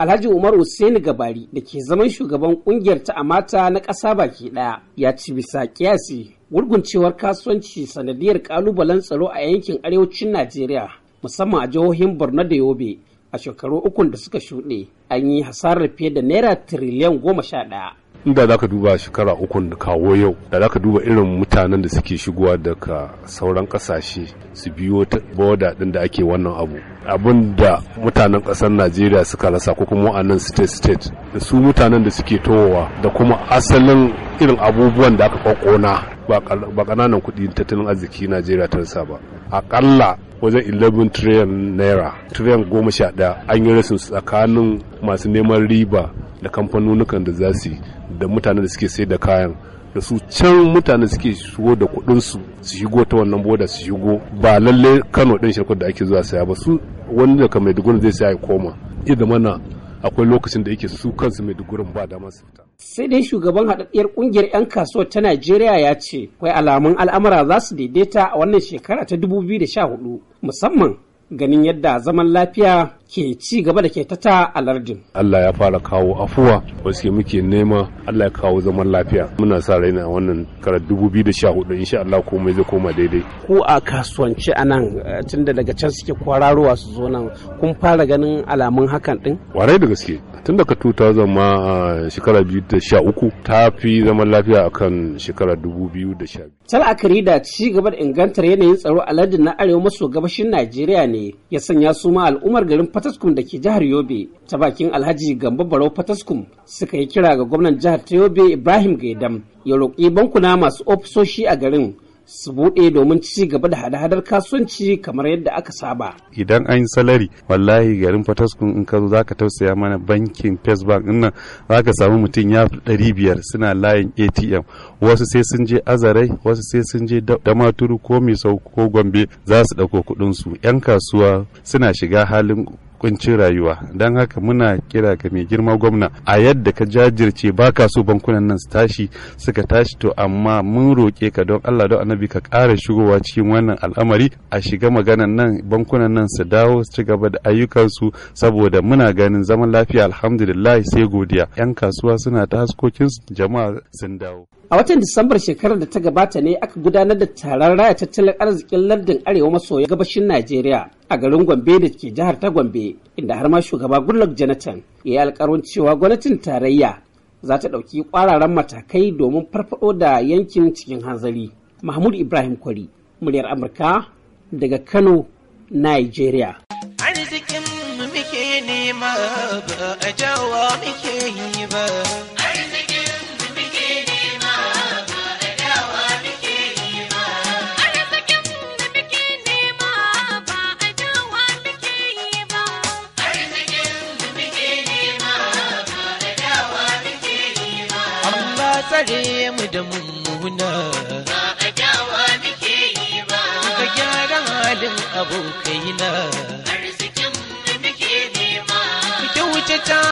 Alhaji Umar Hussein Gabari da ke zaman shugaban kungiyar ta amata na ƙasa baki ɗaya ya ci bisa kiyasi gurguncewar kasuwanci sanadiyar ƙalubalen tsaro a yankin arewacin Najeriya musamman a jihohin Borno da Yobe a shekaru ukun da suka shuɗe an yi hasarar fiye da naira tiriliyan goma sha ɗaya. inda za ka duba shekara ukun da kawo yau da za ka duba irin mutanen da suke shigowa daga sauran kasashe su biyo ta boda din da ake wannan abu abin da mutanen kasar najeriya suka rasa ko kuma wa'annan state state da su mutanen da suke towowa da kuma asalin irin abubuwan da aka kwakona ba ƙananan kuɗi tattalin arziki najeriya ta rasa ba aƙalla wajen 11 trillion naira trillion goma sha ɗaya an yi rasin tsakanin masu neman riba da kamfanonukan da za su da mutanen da suke sayar da kayan da su can mutane suke shigo da kudinsu su shigo ta wannan boda su shigo ba lalle kano ɗin shirkar da ake zuwa saya ba su wani daga maiduguri zai saya koma idan mana akwai lokacin da yake su kansu maiduguri ba dama su fita sai dai shugaban haɗaɗɗiyar ƙungiyar 'yan kasuwar ta najeriya ya ce akwai alamun al'amura za su daidaita a wannan shekara ta 2014 musamman ganin yadda zaman lafiya ke ci gaba da ke ta a lardin. Allah ya fara kawo afuwa wasu muke nema Allah ya kawo zaman lafiya muna sa raina wannan karar 2014 insha Allah komai zai koma daidai. Ku a kasuwanci a nan eh, tunda daga can suke kwararowa su zo nan kun fara ganin alamun hakan din? Warai da gaske tun daga 2000 ma shekara 2013 ta fi zaman lafiya akan shekara 2012. Tal akari da ci gaba da ingantar yanayin tsaro a lardin na arewa maso gabashin Najeriya ne ya sanya su ma al'ummar garin Fataskum da ke jihar Yobe ta bakin Alhaji Gambo Baro Fataskum suka yi kira ga gwamnan jihar ta Yobe Ibrahim Gaidam ya roƙi bankuna masu ofisoshi a garin su buɗe domin ci gaba da hada-hadar kasuwanci kamar yadda aka saba. Idan an yi salari, wallahi garin fataskum in ka zo za ka tausaya mana bankin First Bank in nan za ka samu mutum ya ɗari biyar suna layin ATM. Wasu sai sun je Azarai, wasu sai sun je Damaturu ko Misau ko Gombe za su ɗauko kuɗinsu. 'Yan kasuwa suna shiga halin kuncin rayuwa don haka muna kira ga mai girma gwamna a yadda ka jajirce ba ka so bankunan nan su tashi suka tashi to amma mun roƙe ka don Allah don annabi ka ƙara shigowa cikin wannan al'amari a shiga maganan nan bankunan nan su dawo su ci gaba da ayyukansu saboda muna ganin zaman lafiya alhamdulillah sai godiya 'yan kasuwa suna ta haskokin jama'a sun dawo a watan disambar shekarar da ta gabata ne aka gudanar da taron raya tattalin arzikin lardin arewa maso gabashin najeriya a garin Gombe da ke jihar ta Gombe inda har ma shugaba Goodluck Jonathan ya yi alƙawarin cewa gwamnatin tarayya za ta ɗauki ƙwararan matakai domin farfaɗo da yankin cikin hanzari. Mahmud Ibrahim Kwari, muryar Amurka daga Kano, Nigeria. Arzikin muke nema ba a jawa muke yi ba. ka tsare mu da mummuna ba a dawa muke yi ba ka gyara halin abokaina arzikin da muke nema ka